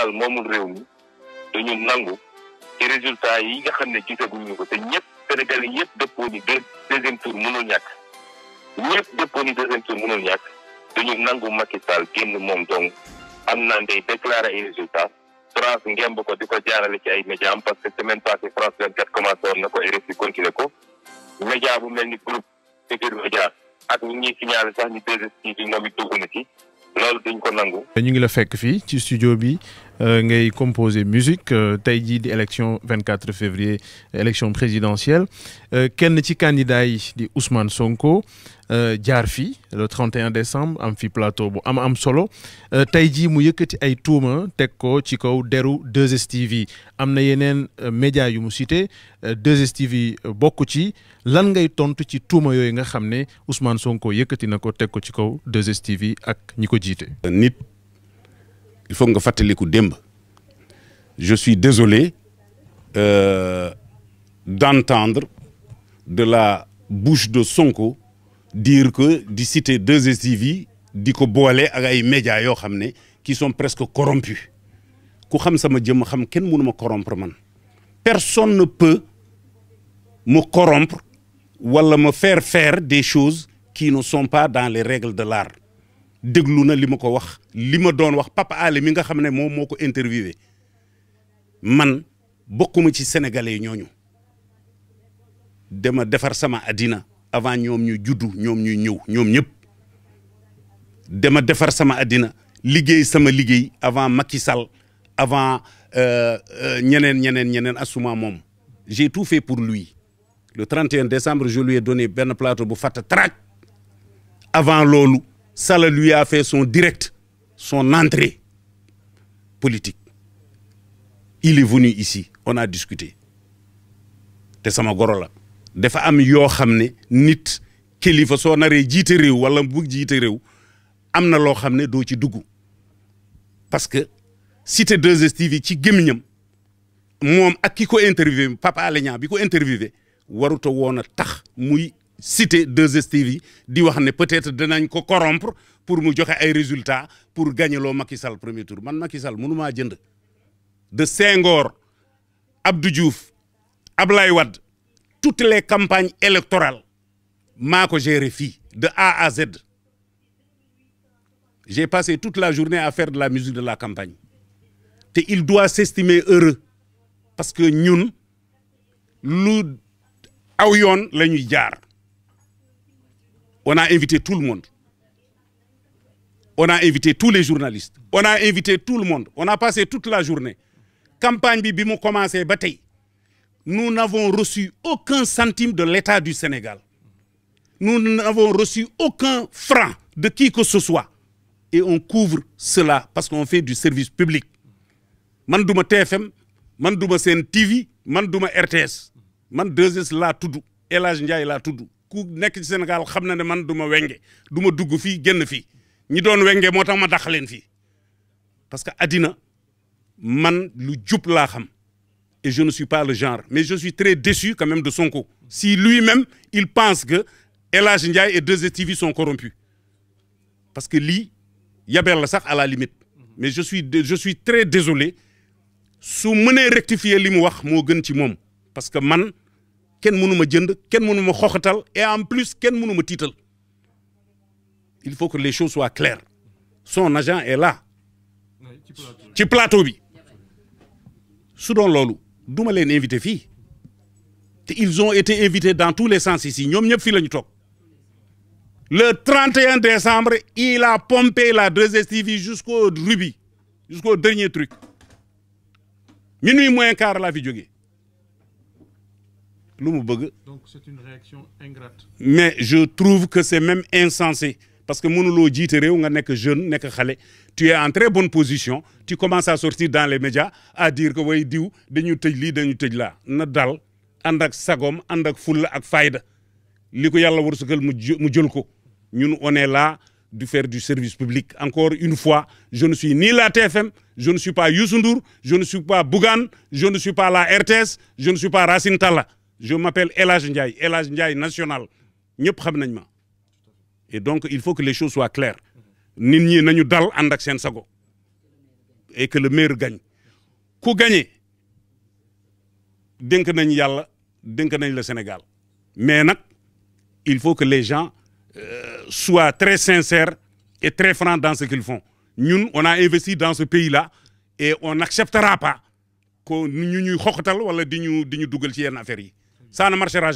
Sall moomul réew mi dañu nangu ci yi nga xam ne gisaguñu ko te ñëpp Sénégal yi yëpp dëppoo ni deuxième tour mënul ñàkk ñëpp dëppoo ni deuxième tour mënul ñàkk dañu nangu Macky Sall génn moom dong am naa ndey déclaré ay résultat France ngemb ko di ko jaarale ci ay média am parce que semaine passée France 24 commencé woon na ko RFI continué ko média bu mel ni groupe Ségur Média ak sax ni 2STV moom it dugg fekk fii ci studio bi. Euh, ngay composer musique euh, tey jii di élection 24 février élection présidentielle euh, kenn ci candidat di Ousmane Sonko jaar fi le 31 décembre am fi plateau bu am am solo tey jii mu yëkkati ay tuuma teg ko ci kaw deru 2STV am na yeneen média yu mu cité 2STV bokk ci lan ngay tontu ci tuuma yooyu nga xam ne Ousmane Sonko yëkkati na ko teg ko ci kaw 2STV ak ñi ko jiite. il faut nga fàttaliku démb je suis désolé euh, d'entendre de la bouche de Sonko dire que di citer 2STV di ko boole ak ay médias yoo xam ne qui son presque corrompus ku xam sama jëmm xam kenn mënu ma corrompre man personne ne peut me corrompre wala me fair fair des choses qui ne sont pas dans les règles de l'art déglu na li ma ko wax li ma doon wax Papa Alé mi nga xam ne moom moo ko interviewé man bokkuma ci sénégalais ñooñu dama defar sama addina avant ñoom ñu juddu ñoom ñu ñëw ñoom ñëpp dama defar sama addina liggéey sama liggéey avant Macky Sall avant euh, euh, ñeneen ñeneen ñeneen asuma moom j'ai tout fait pour lui le 31 décembre je lui ai donné benn plateau bu fatt trac avant loolu Sall lui a son direct, son entrée politique. Il est venu ici, on a discuté. te sama goro la dafa am yoo xam ne nit kilifa soo naree jiite réew wala bu jiite réew am na loo xam ne doo ci dugg parce que cité 2STV ci gémmiñam moom ak ki ko interviewé Papa Alé Niang bi ko interviewé waruta woon tax muy cité 2STV yi di wax ne peut-être danañ ko corrompre pour mu joxe ay résultats pour gagner loo Macky premier tour man Macky Sall mënu maa jënd de Senghor Abdou Diouf Ablaye Wade toutes les campagnes électorales maa ko géré fii de A à Z j'ai passé toute la journée à faire de la musique de la campagne te il doit s'estimer heureux parce que ñun lu aw yoon la ñuy jaar On a invité tout le monde. On a invité tous les journalistes. On a invité tout le monde. On a passé toute la journée. Campagne bi bi mu commencé ba tey nous n'avons reçu aucun centime de l'État du Sénégal. Nous n'avons reçu aucun franc de qui que ce soit. Et on couvre cela parce qu'on fait du service public. man duma TFM man duma Sen TV man duma RTS man 2S laa tudd El Hadj Ndiaye laa tudd ku nekk ci Sénégal xam na ne man duma ma wenge du ma dugg fii génn fii ñi doon wenge moo tax ma dàq leen fii parce que àddina man lu jub laa xam et je ne suis pas le genre mais je suis très déçu quand même de Sonko si lui-même il pense que élage Hadj Ndiaye et 2STV sont corrompus parce que lii yabeel la sax à la limite mais je suis je suis très désolé su mënee rectifier li mu wax moo gën ci moom parce que man kenn mënu ma jënd kenn mënu ma xoxatal et en plus kenn mënu ma tiital il faut que les choses soient claires son agent est là ci plateau bi su doon loolu du ma leen invité fii te ils ont été invités dans tous les sens ici ñoom ñëpp fii lañu ñu toog le 31 décembre il a pompé la 2STV jusqu'au rubis jusqu'au dernier truc minuit moins quart laa fi jógee lu mu bëgg. donc c'est une réaction ingrate. mais je trouve que c'est même insensé parce que mënuloo jiite réew nga nekk jeune nekk xale tu es en très bonne position tu commences à sortir dans les médias à dire que way diw dañu tëj lii dañu tëj laa na dal ànd ak sagom ànd ak fulla ak fayda li ko yàlla wërsëgal mu mu jël ko ñun on est là du fer du service public encore une fois je ne suis ni la TFM je ne suis pas Youssou Ndour je ne suis pas Bougane je ne suis pas la RTS je ne suis pas Racine Talla je m'appelle El Hadj élage El Ndiaye national ñëpp xam nañ ma et donc il faut que les choses soient claires nit ñi nañu dal ànd ak seen sago et que le maire gagne ku gagné dénk nañ yàlla dénk nañ le Sénégal mais nag il faut que les gens euh, soient très sincères et très francs dans ce qu'ils font ñun on a investi dans ce pays là et on n'acceptera pas que ñu ñuy xoqatal wala di ñu di ñu dugal ci yenn affaires yi ça ne marchera